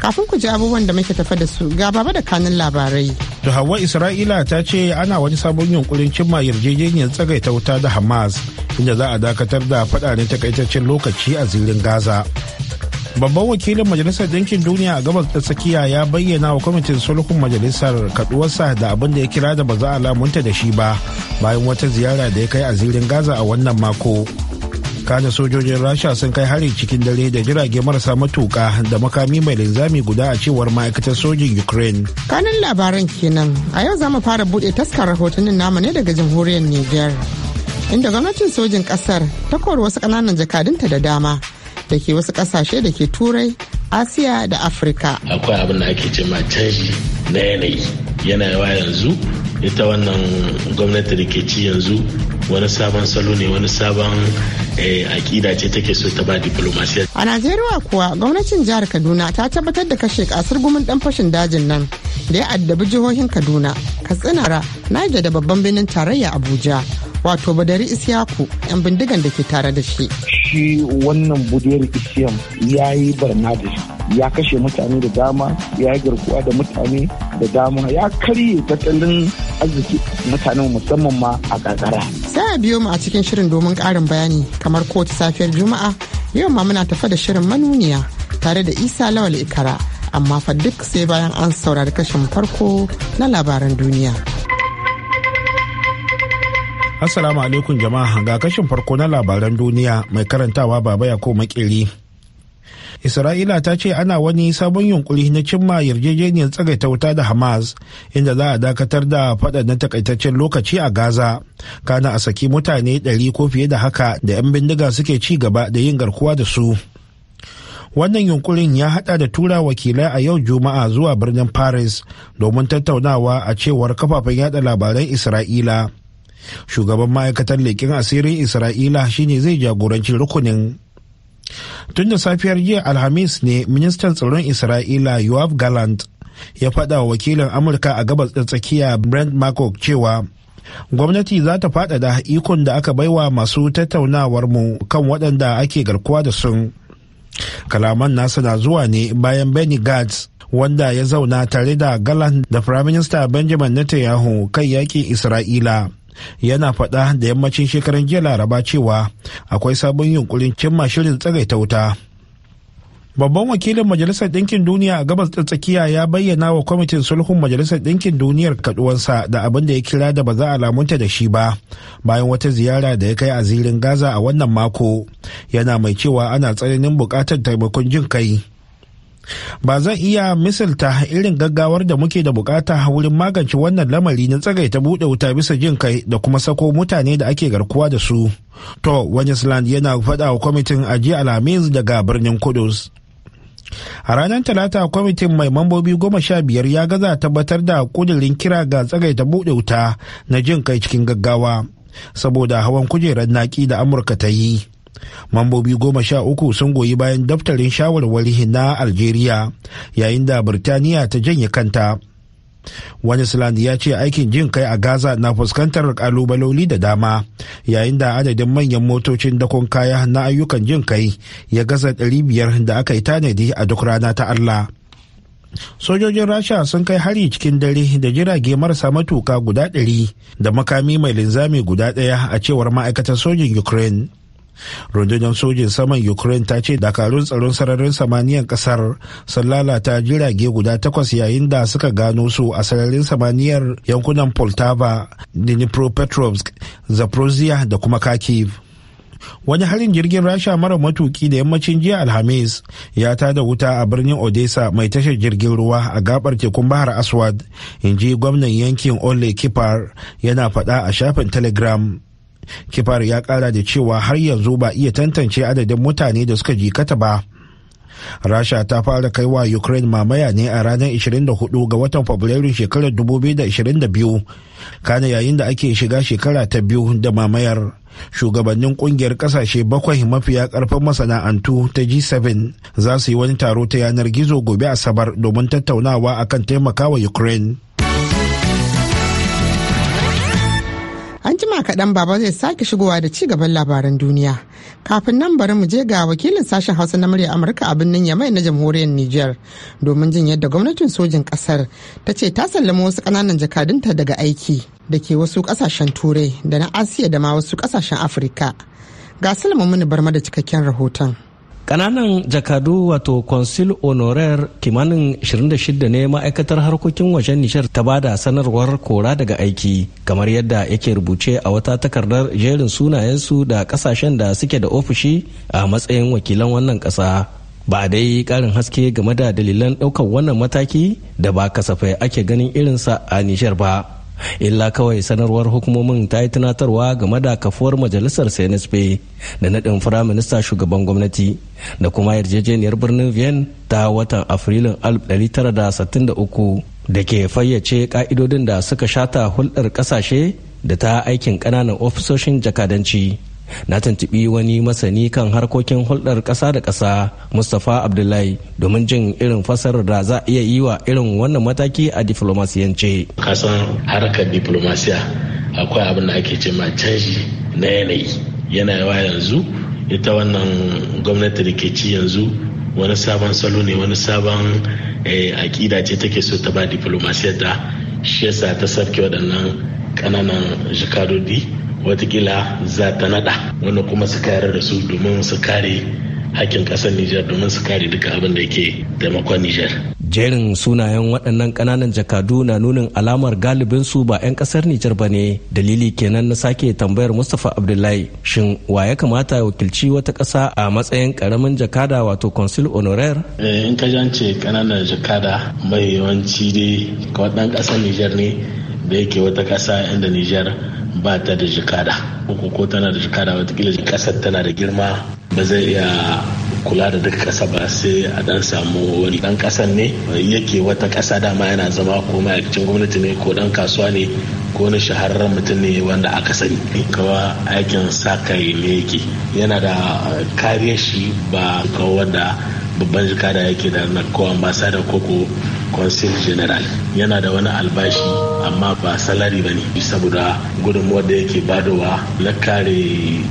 kafin ku ji abubuwan da muke tafa da su ga baba da kanin labarai. Da Hawa Isra'ila ta ce ana wani sabon yunkurin cimma yarjejeniyar tsagaita wuta da Hamas inda za a dakatar da ne takaitaccen lokaci a zirin Gaza. Babban wakilin Majalisar dinkin Duniya a gabas ta tsakiya ya bayyana wa kwamitin sulhun majalisar kaduwarsa da abin da ya kira da ba za a lamunta da shi ba bayan wata ziyara da ya kai a zirin Gaza a wannan mako. kada sojojin rasha sun kai hari cikin dare da jirage marasa matuka da makami mai linzami guda a cewar ma'aikatar sojin ukraine kanin labaran kenan a yau za fara bude taskar rahotannin namu ne daga jamhuriyar niger inda gwamnatin sojin kasar ta kori wasu kananan jakadunta da dama da ke wasu kasashe da ke turai asiya da afirka akwai abin da ake ce canji na yanayi yana yanzu ita wannan gwamnati da ke ci yanzu wani sabon salo ne wani sabon eh, akida ce take so ta ba diplomasiya. a najeriya kuwa gwamnatin jihar kaduna ta tabbatar da kashe kasar gumin dan fashin dajin nan da ya addabi jihohin kaduna katsina Niger da babban birnin tarayya abuja wato badari isyaku yan bindigan da ke tare da shi shi wannan budiyar isiyam ya yi barna da shi ya kashe mutane da dama ya garkuwa da mutane da dama ya karye tattalin arziki mutanen musamman ma a kakara. sai a biyo mu a cikin shirin domin karin bayani kamar kowace safiyar juma'a yau ma muna tafa da shirin manuniya tare da isa lawal ikara amma fa duk sai bayan an saurari kashin farko na labaran duniya assalamu alaikum jama'a ga kashin farko na labaran duniya mai karantawa baba ya ko makeri isra'ila ta ce ana wani sabon yunkuri na cimma yarjejeniyar tsagaita wuta da hamas inda za a dakatar da faɗa na takaitaccen lokaci a gaza kana a saki mutane ɗari ko fiye da haka da 'yan bindiga suke ci gaba da yin garkuwa da su wannan yunkurin ya hada da tura wakilai a yau juma'a zuwa birnin paris domin tattaunawa a cewar kafafen yada labaran isra'ila shugaban ma'aikatar leƙin asirin isra'ila shine zai jagoranci rukunin tun da safiyar jiya alhamis ne ministan tsaron isra'ila yoav gallant ya faɗa wa wakilin amurka a gabas da tsakiya brent markov cewa gwamnati za ta faɗaɗa ikon da aka baiwa masu tattaunawar mu kan waɗanda ake garkuwa da sun kalaman nasa na zuwa ne bayan benny gantz wanda ya zauna tare da gallant da firaminista benjamin netanyahu kan yaƙin isra'ila yana faɗa da yammacin shekaran jiya laraba cewa akwai sabon yunkurin cimma shirin tsagaita wuta babban wakilin majalisar ɗinkin duniya a gabas ta tsakiya ya bayyana wa kwamitin sulhun majalisar ɗinkin duniyar kaduwansa da abin da ya kira da ba za a lamunta da shi ba bayan wata ziyara da ya kai a zirin gaza a wannan mako yana mai cewa ana tsananin buƙatar taimakon jin kai ba zan iya misalta irin gaggawar da muke da bukata wurin magance wannan lamari na tsagaita buɗe wuta bisa jin kai da kuma sako mutane da ake garkuwa da su to wajisland yana faɗa wa kwamitin Ajiye alhamis daga birnin kudus a ranar talata kwamitin mai mambobi goma sha biyar ya gaza tabbatar da kudirin kira ga tsagaita buɗe wuta na jin kai cikin gaggawa saboda hawan kujerar naki da amurka ta yi mambobi goma sha uku sun goyi bayan daftarin shawarwari na algeria yayin da birtaniya ta janye kanta wani sland ya ce aikin jin kai a gaza na fuskantar kalubaloli da dama yayin da adadin manyan motocin dakon kaya na ayyukan jin kai ya gaza biyar da aka yi tanadi a duk rana ta allah sojojin rasha sun kai hari cikin dare da jirage marasa matuka guda ɗari da makami mai linzami guda ɗaya a cewar ma'aikatar sojin ukraine rundunar sojin saman ukraine ta ce dakarun tsaron sararin samaniyan kasar sun lalata jirage guda takwas yayin da suka gano su a sararin samaniyar yankunan poltava dnipropetrovsk zaporozhia da kuma kharkiv wani harin jirgin rasha mara matuki da yammacin jiya alhamis ya tada wuta a birnin odessa mai tashar jirgin ruwa a gabar tekun bahar aswad in ji gwamnan yankin ole kipar yana faɗa a shafin telegram kifar ya kara da cewa har yanzu ba iya tantance adadin mutane da suka jikata ba rasha ta fara kai wa ukraine mamaya ne a ranar 24 ga watan fabrairu shekarar 2022 kana yayin da ake shiga shekara ta biyu da mamayar shugabannin kungiyar kasashe bakwai mafiya karfin masana'antu ta g7 za su yi wani taro ta yanar gizo gobe asabar domin tattaunawa akan taimakawa ukraine An jima kaɗan baba zai sake shigowa da ci gaban labaran duniya. Kafin nan bari mu je ga wakilin sashen Hausa na murya Amurka a birnin Yamai na jamhuriyar Nijar domin jin yadda gwamnatin sojin ƙasar ta ce ta sallama wasu ƙananan jakadunta daga aiki da ke wasu ƙasashen Turai da na Asiya da ma wasu ƙasashen Afirka. Ga salama Mini Barma da cikakken rahoton. Ƙananan jakadu wato consul honorar kimanin 26 ne ma'aikatar harkokin wajen Nijar ta bada sanarwar kora daga aiki kamar yadda yake rubuce a wata takardar jerin sunayensu da kasashen da suke da ofishi a matsayin wakilan wannan kasa Ba dai karin haske game da dalilan ɗaukar wannan mataki da ba kasafai ake ganin irinsa a Nijar ba. illa kawai sanarwar hukumomin ta yi tunatarwa game da kafuwar majalisar cnsp da nadin firaminista shugaban gwamnati da kuma yarjejeniyar birnin vienna ta watan afrilun 1963 da ke fayyace ka'idodin da suka shata hulɗar ƙasashe da ta aikin ƙananan ofisoshin jakadanci na tuntubi wani masani kan harkokin hulɗar ƙasa da ƙasa mustapha abdullahi domin jin irin fasarar da za a iya yi wa irin wannan mataki a diflomasiyance kasan harkar diflomasiya akwai abin da ake ce ma canji na yanayi yawa yanzu ita wannan gwamnati da ke ci yanzu wani sabon salo ne wani sabon eh, aƙida ce take so ta ba diflomasiyar da shi yasa ta sarki waɗannan ƙananan jikadodi watakila za ta nada wanda kuma su kayar da su domin su kare hakkin kasar Nijar domin su kare duka abin da ke taimakon Nijar. Jerin sunayen waɗannan ƙananan jakadu na nunin alamar galibin su ba 'yan ƙasar Nijar ba ne dalili kenan na sake tambayar mustafa Abdullahi shin wa ya kamata ya wakilci wata ƙasa a matsayin ƙaramin jakada wato consul honoraire? Eh, in ka jance ƙananan jakada mai yawanci dai ka waɗannan ƙasar Nijar ne da yake wata ƙasa inda Nijar ba ta da jikada ko ko tana da jikada watakila kasar tana da girma ba zai iya kula da duk kasa ba sai a dan samu wani dan kasan ne yake wata kasa dama yana zama ko ma'aikacin gwamnati ne ko dan kasuwa ne ko wani shahararren mutum ne wanda aka sani kawa aikin sa kai ne yake yana da kariyar shi ba kawo wanda babban jikada yake da na kowa ambasada koko. consul general yana da wani albashi amma ba salari ba ne saboda gudunmuwar da yake badowa na kare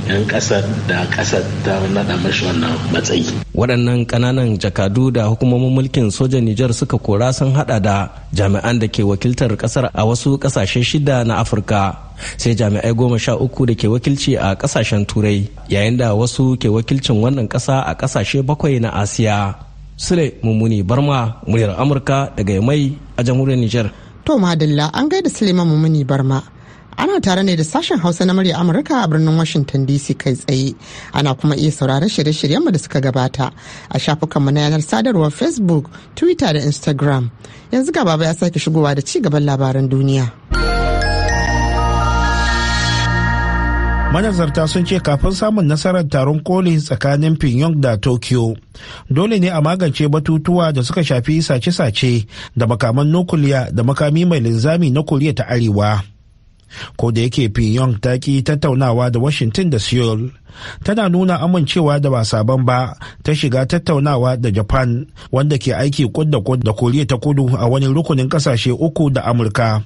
'yan kasar da kasar ta nada mashi wannan matsayi waɗannan ƙananan jakadu da hukumomin mulkin sojan nijar suka kora sun hada da jami'an da ke wakiltar kasar a wasu ƙasashe shida na afirka sai jami'ai goma sha uku da ke wakilci a kasashen turai yayin da wasu ke wakilcin wannan ƙasa a ƙasashe bakwai na asiya Sule Mummuni Barma muryar Amurka daga mai a jamhuriyar Nijar. To Madalla an gaida Suleiman Mummuni Barma. Ana tare ne da sashen Hausa na murya Amurka a birnin Washington DC kai tsaye. Ana kuma iya sauraron shirye-shiryenmu da suka gabata a shafukanmu na yanar sadarwar Facebook, Twitter da Instagram. Yanzu gaba ya sake shigowa da ci gaban labaran duniya. manazarta sun ce kafin samun nasarar taron koli tsakanin pyongyang da tokyo dole ne a magance batutuwa da suka shafi sace-sace da makaman nukuliya da makami mai linzami na koriya ta arewa ko da yake pyongyang ta ki tattaunawa da washington da seoul tana nuna amincewa da ba sabon ba ta shiga tattaunawa da japan wanda ke aiki kud da koriya ta kudu a wani rukunin kasashe uku da amurka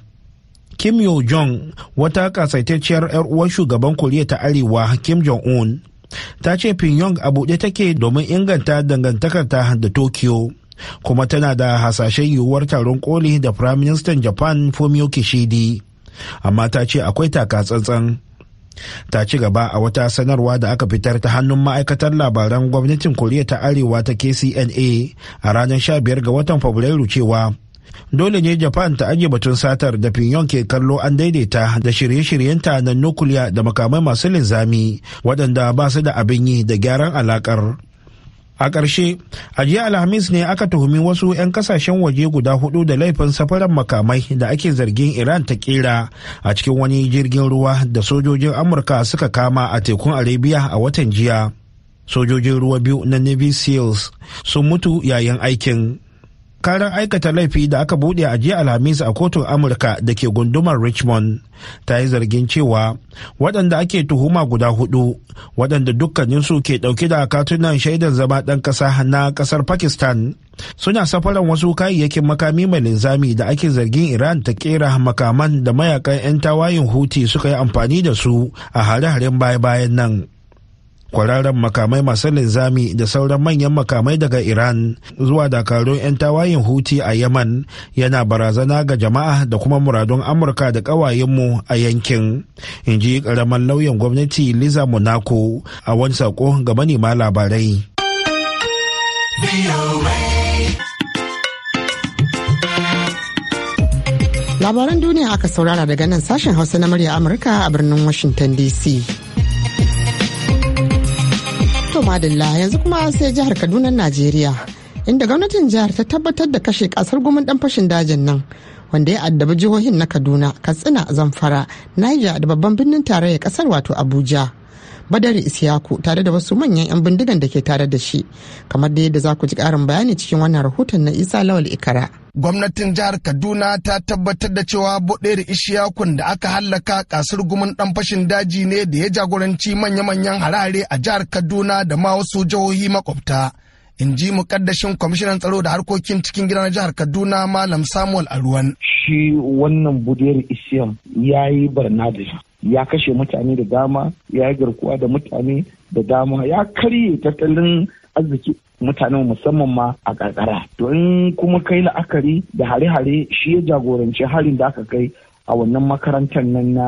kim yo jong wata kasaitacciyar 'yar uwar shugaban koriya ta arewa kim jong un ta ce pyongyang a buɗe take domin inganta dangantakarta da tokyo kuma tana da hasashen yiwuwar taron koli da prime minister japan fumio kishidi amma ta ce akwai taka takatsantsan ta ci gaba a wata sanarwa da aka fitar ta hannun ma'aikatar labaran gwamnatin koriya ta arewa ta kcna a ranar 15 ga watan fabrairu cewa dole ne japan ta ajiye batun satar da pinyon ke kallo an daidaita da shirye-shiryenta na nukuliya da makamai masu linzami waɗanda ba su da abin yi da gyaran alakar a ƙarshe a jiya alhamis ne aka tuhumi wasu 'yan kasashen waje guda hudu da laifin safaran makamai da ake zargin iran ta kera a cikin wani jirgin ruwa da sojojin amurka suka kama a tekun arabia a watan jiya sojojin ruwa biyu na navy seals sun mutu yayin aikin karan aikata laifi da aka bude a jiya alhamis a kotun amurka da ke gundumar richmond ta yi zargin cewa waɗanda ake tuhuma guda hudu waɗanda dukkaninsu ke ɗauke da katunan shaidan zama ɗan ƙasa na ƙasar pakistan suna safaran wasu kayayyakin makami mai linzami da ake zargin iran ta kera makaman da mayakan 'yan tawayin huti suka yi amfani da su a hare-haren baya-bayan nan kwararren makamai masu linzami da sauran manyan makamai daga iran zuwa dakarun 'yan tawayin huti a yaman yana barazana ga jama'a da kuma muradun amurka da kawayenmu a yankin in ji ƙaramin lauyan gwamnati liza monaco a wani sako ga manema labarai labaran duniya aka saurara daga nan sashen hausa na murya amurka a birnin washington dc To madalla yanzu kuma sai jihar Kaduna Najeriya inda gwamnatin jihar ta tabbatar da kashe kasar gumin dan fashin dajin nan wanda ya addabi jihohin na Kaduna, Katsina, Zamfara, Niger da babban birnin tarayyar kasar wato Abuja. badar isiyaku tare da wasu manyan 'yan bindigan da ke tare da shi kamar da yadda za ku ji karin bayani cikin wannan rahoton na isa lawal ikara gwamnatin jihar kaduna ta tabbatar da cewa buɗeri ishiyakun da aka hallaka kasar gumin ɗan fashin daji ne da ya jagoranci manya-manyan harare a jihar kaduna da ma wasu jihohi makwabta in ji mukaddashin kwamishinan tsaro da harkokin cikin gidan jihar kaduna malam samuel aruwan shi wannan budiyar isiyam ya yi barna da shi. ya kashe mutane da dama ya yi garkuwa da mutane da dama ya karye tattalin arziki mutanen musamman ma a ƙarƙara. Don kuma kai la'akari da hare-hare shi ya jagoranci harin da aka kai a wannan makarantar nan na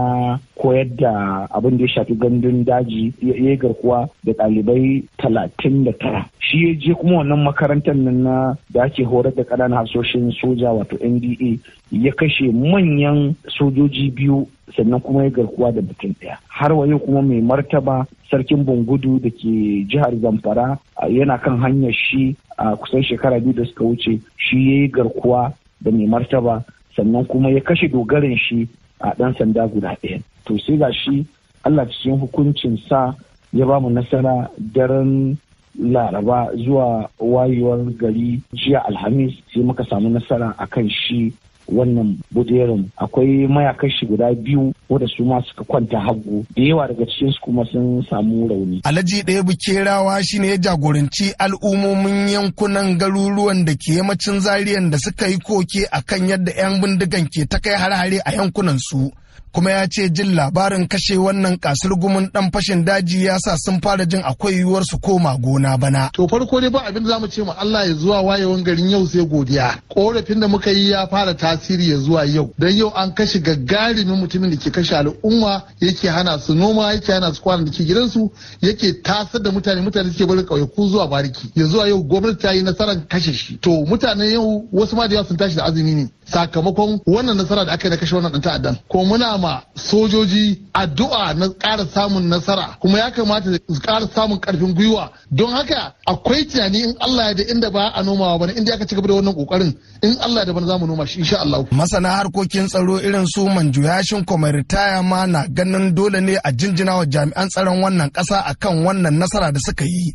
koyar da abin da ya shafi gandun daji ya yi garkuwa da ɗalibai talatin da tara shi ya je kuma wannan makarantar nan na da ake horar da ƙananan hasoshin soja wato nda ya kashe manyan sojoji biyu sannan kuma ya garkuwa da mutum ɗaya har wa yau kuma mai martaba sarkin bungudu da ke jihar zamfara yana kan hanyar shi a kusan shekara biyu da suka wuce shi ya yi garkuwa da mai martaba sannan kuma ya kashe dogarin shi a ɗan sanda guda ɗaya to sai ga shi allah cikin hukuncin sa ya ba mu nasara daren laraba zuwa wayewar gari jiya alhamis sai muka samu nasara akan shi wannan buderin akwai mayakan shi guda biyu wanda su ma suka kwanta hagu da yawa daga cikin su kuma sun samu rauni. Alhaji ɗaya bukerawa shi ne ya jagoranci al'ummomin yankunan garuruwan da ke yammacin zariyan da suka yi koke a kan yadda 'yan bindigan ke ta kai har-hare a yankunan su. kuma ya ce jin labarin kashe wannan kasar gumin dan fashin daji ya sa sun fara jin akwai yiwuwar su koma gona bana. To farko dai ba abin da zamu ce ma Allah ya zuwa wayewan garin yau sai godiya. Korafin da muka yi ya fara tasiri ya zuwa yau. Dan yau an kashe gagarumin mutumin da ke kashe al'umma yake hana su noma yake hana su kwana da ke gidansu yake tasar da mutane mutane suke barin ƙauyaku zuwa bariki yanzu zuwa yau gwamnati ta yi nasarar kashe shi to mutane yau wasu ma da yawa sun tashi da azumi ne sakamakon wannan nasara da aka yi na kashe wannan dan ta'addan ko muna ma sojoji addu'a na ƙara samun nasara kuma ya kamata su ƙara samun ƙarfin gwiwa don haka akwai tunani in Allah ya da inda ba a nomawa ba inda aka ci gaba da wannan ƙoƙarin in Allah da bana zamu noma shi insha Allah masana harkokin tsaro irin su manjuyashin kuma ritaya ma na ganin dole ne a jinjina wa jami'an tsaron wannan kasa akan wannan nasara da suka yi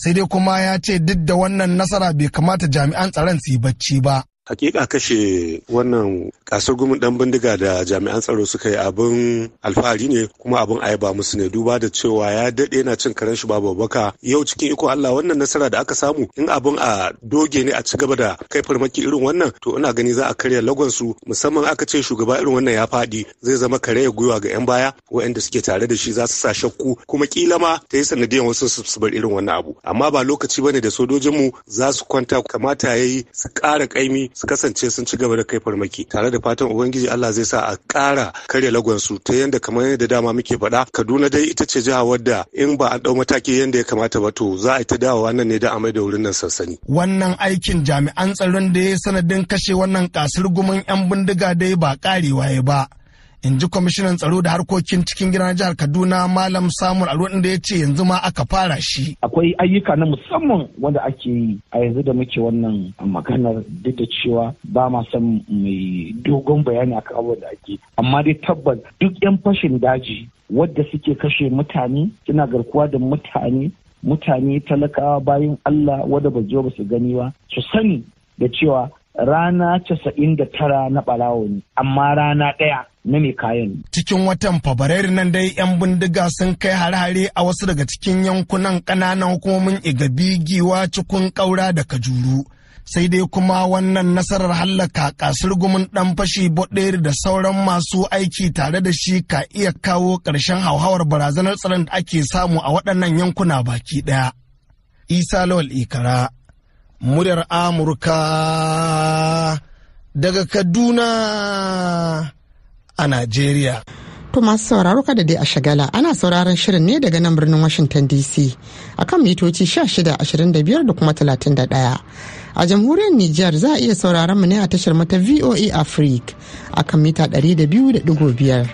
sai dai kuma ya ce duk da wannan nasara bai kamata jami'an tsaron su yi bacci ba Hakika kashe wannan kasar gumin dan bindiga da jami'an tsaro suka yi abin alfahari ne kuma abin ayaba musu ne duba da cewa ya daɗe yana cin karen shi babu baka yau cikin iko Allah wannan nasara da aka samu in abin a doge ne a ci gaba da kai farmaki irin wannan to ina gani za a karya lagon su musamman aka ce shugaba irin wannan ya fadi zai zama kare ya gwiwa ga 'yan baya waɗanda suke tare da shi za su sa shakku kuma kila ma ta yi sanadiyan wasu su bar irin wannan abu amma ba lokaci bane da sojojinmu za su kwanta kamata yayi su ƙara ƙaimi su kasance sun ci gaba da kai farmaki tare da fatan ubangiji Allah zai sa a kara karya lagonsu ta yadda kamar yadda dama muke faɗa Kaduna dai ita ce jiha wadda in ba a ɗau mataki yadda ya kamata ba to za a yi ta dawowa nan ne da amai da wurin nan sansani. Wannan aikin jami'an tsaron da ya sanadin kashe wannan kasar gumin 'yan bindiga dai ba karewa ya ba. in ji kwamishinan tsaro da harkokin cikin gidan jihar kaduna malam samun aro da ya ce yanzu ma aka fara shi akwai ayyuka na musamman wanda ake yi a yanzu da muke wannan maganar duk da cewa ba ma san mai dogon bayani akan abubuwan da ake amma dai tabbas duk yan fashin daji wadda suke kashe mutane suna garkuwa da mutane mutane talakawa bayan Allah wadda ba ba su gani ba su sani da cewa rana casa'in da tara na ɓarawo ne amma rana ɗaya na mai kayan. Cikin watan Fabrairu nan dai 'yan bindiga sun kai hare-hare a wasu daga cikin yankunan ƙananan hukumomin Igabi, Giwa, cikin Ƙaura da Kajuru. Sai dai kuma wannan nasarar hallaka kasar gumin ɗan fashi boɗeri da sauran masu aiki tare da shi ka iya kawo ƙarshen hauhawar barazanar tsaron da ake samu a waɗannan yankuna baki ɗaya. Isa Lawal Ikara muryar Amurka daga Kaduna a Najeriya. To masu sauraro kada dai a shagala ana sauraron shirin ne daga nan birnin Washington DC akan mitoci 16, 25 da kuma 31. a jamhuriyar Nijar za a iya sauraron mu ne a tashar mata VOA Africa a kan mita 200.5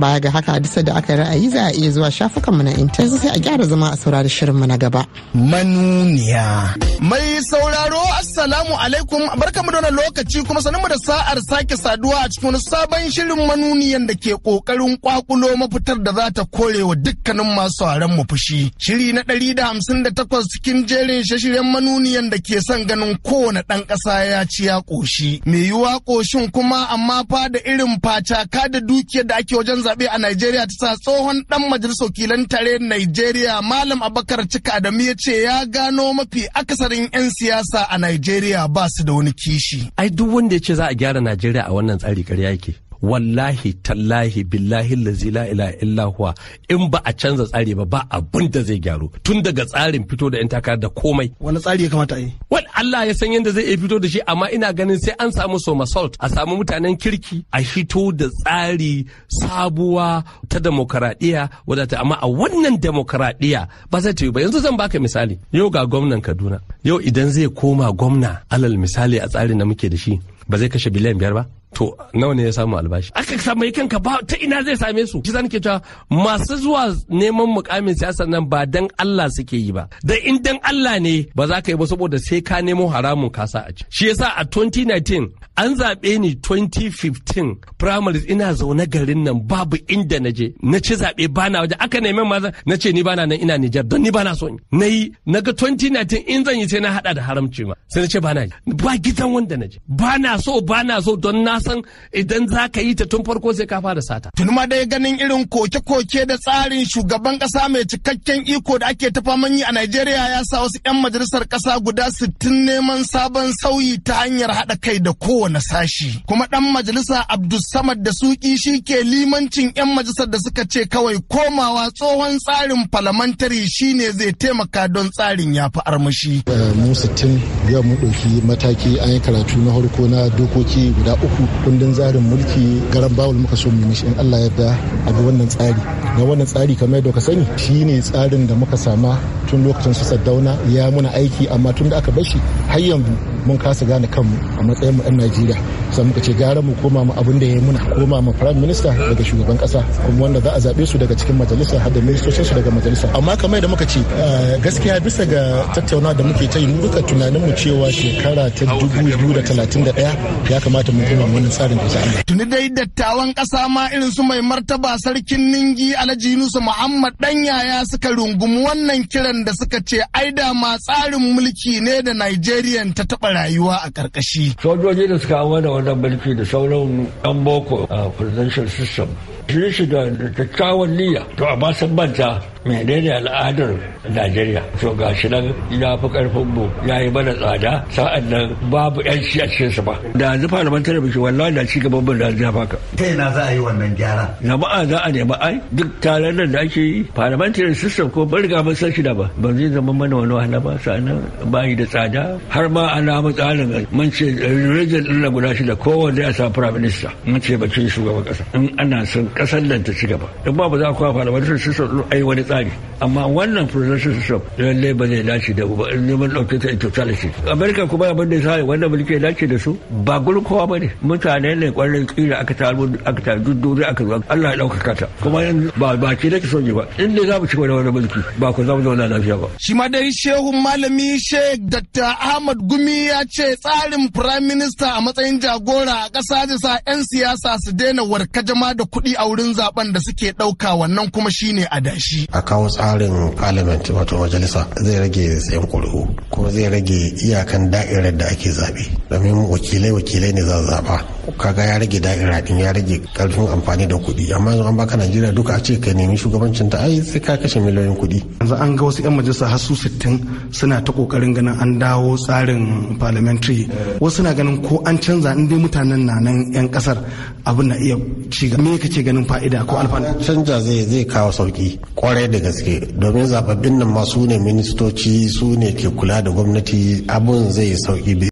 baya ga haka disa da aka ra'ayi za a iya zuwa shafukan mu na intanet sai a gyara zama a saurari shirin mu na gaba manuniya mai sauraro assalamu alaikum barkamu da wannan lokaci kuma sanin mu da sa'ar sake saduwa a cikin sabon shirin manuniyan da ke kokarin kwakulo mafitar da za ta kore wa dukkanin masu mu fushi shiri na 158 cikin jerin shashiryen manuniyan da ke son ganin kowane ɗan ƙasa ya ci ya ƙoshi. Me yiwuwa ƙoshin kuma amma fa da irin ka da dukiyar da ake wajen zaɓe a Najeriya ta sa tsohon ɗan majalisar wakilan tare Najeriya Malam Abakar Cika Adamu ya ce ya gano mafi akasarin 'yan siyasa a Najeriya ba su da wani kishi. Ai duk wanda ya ce za a gyara Najeriya a wannan tsari ƙarya yake. wallahi tallahi billahi lazi ila illa huwa in ba a canza tsari ba ba abin da zai gyaru tun daga tsarin fito da yan takarar da komai wani tsari ya kamata yi wani Allah ya san yadda zai iya fito da shi amma ina ganin sai an samu soma salt a samu mutanen kirki a hito da tsari sabuwa ta demokaradiyya wadata amma a wannan demokaradiyya ba zai ta yi ba yanzu zan baka misali yau ga gwamnan Kaduna yau idan zai koma gwamna alal misali a tsarin da muke da shi ba zai kashe biliyan biyar ba to nawa ne ya samu albashi aka samu kanka ba ta ina zai same su kisan ke cewa masu zuwa neman mukamin siyasa nan ba dan Allah suke yi ba da in dan Allah ne ba za ka yi ba saboda sai ka nemo haramun kasa a ci shi yasa a 2019 an zaɓe ni 2015 primaries ina zaune garin nan babu inda na je na ci zaɓe bana waje aka nemi maza na ce ni bana nan ina Nijar don ni bana so na yi na ga 2019 in zan yi sai na hada da haramci ma sai na ce bana ba gidan wanda na je bana so bana so don na san idan za ka yi ta tun farko sai ka fara sata. Tuni ma dai ganin irin koke-koke da tsarin shugaban kasa mai cikakken iko da ake tafa yi a Najeriya ya sa wasu 'yan majalisar ƙasa guda sittin neman sabon sauyi ta hanyar haɗa kai da kowane sashi. Kuma ɗan majalisa Abdulsamad da Suki shi ke limancin 'yan majalisar da suka ce kawai komawa tsohon tsarin falamantari ne zai taimaka don tsarin ya fi armashi. Eh, mu sittin yau mu ɗauki mataki an yi karatu na farko na dokoki guda uku kundin zarin mulki garan bawul muka so mu shi in Allah ya yarda a bi wannan tsari ga wannan tsari kamar yadda ka sani shine tsarin da muka sama tun lokacin su Sadauna ya muna aiki amma tun da aka bar shi har yanzu mun kasa gane kanmu a matsayin mu 'yan najeriya sai muka ce gara mu koma mu abin da ya yi muna koma mu prime minister daga shugaban kasa kuma wanda za a zaɓe su daga cikin majalisa har da ministocin su daga majalisa amma kamar da muka ce gaskiya bisa ga tattauna da muke ta yi mu duka tunanin mu cewa shekara ta 2031 ya kamata mu koma wannan tsarin da za'a tuni dai dattawan kasa ma irin su mai martaba sarkin ningi alhaji yunusu muhammad dan yaya suka rungumi wannan kiran da suka ce aida ma tsarin mulki ne da nigerian ta taba rayuwa a karkashi sojoji da suka da wannan mulki da sauran yan boko a presidential system shi shi da kyakkyawan niyya to a sun banta menene al'adar najeriya to ga shi nan ya fi karfin mu ya yi mana tsada sa'an nan babu yanci a cikin su ba da zufa da mantar biki wallahi da cigaban mu da ya faka ta yana za a yi wannan gyara jama'a za a nemi ai duk taron nan da ake yi parliamentary system ko ban riga mun san shi da ba ba zai zama mana wani wahala ba sa'an bayi da tsada har ma ana mu tsarin mun ce rijin ɗin na guda shida kowanne a sa prime minister mun ce bakin shugaban ƙasa in ana son kasar nan ta ci gaba in ba za ku parliamentary system din ai wani tsari amma wannan presidential system lalle ba zai dace da ba neman dauke ta totality america kuma abin da sai wannan mulki da dace da su ba gurkowa bane mutane ne kwarin kira aka taro aka taro duddure aka zo Allah ya dauka ta kuma ba ba ki da ki son ba in dai za mu ci wani mulki ba ku za mu zauna lafiya ba shi ma dai shehu malami sheikh dr ahmad gumi ya ce tsarin prime minister a matsayin jagora a ƙasa da sa 'yan siyasa su daina warkajama da kuɗi aurin wurin zaben da suke ɗauka wannan kuma shine adashi. A kawo tsarin parliament wato majalisa zai rage tsayin ƙuri'u ko zai rage iyakan da'irar da ake zaɓe domin wakilai wakilai ne za zaɓa kaga ya rage da'ira din ya rage karfin amfani da kuɗi amma yanzu an baka najeriya duka a ce ka nemi shugabancin ta ai sai ka kashe miliyoyin kuɗi yanzu an ga wasu yan majalisa har su sittin suna ta kokarin ganin an dawo tsarin parliamentary wasu na ganin ko an canza in dai mutanen na nan yan kasar abin na iya ci gaba me kake ganin fa'ida ko alfanu canja zai zai kawo sauki kwarai da gaske domin zababbin nan ma su ne ministoci su ne ke kula da gwamnati abun zai sauki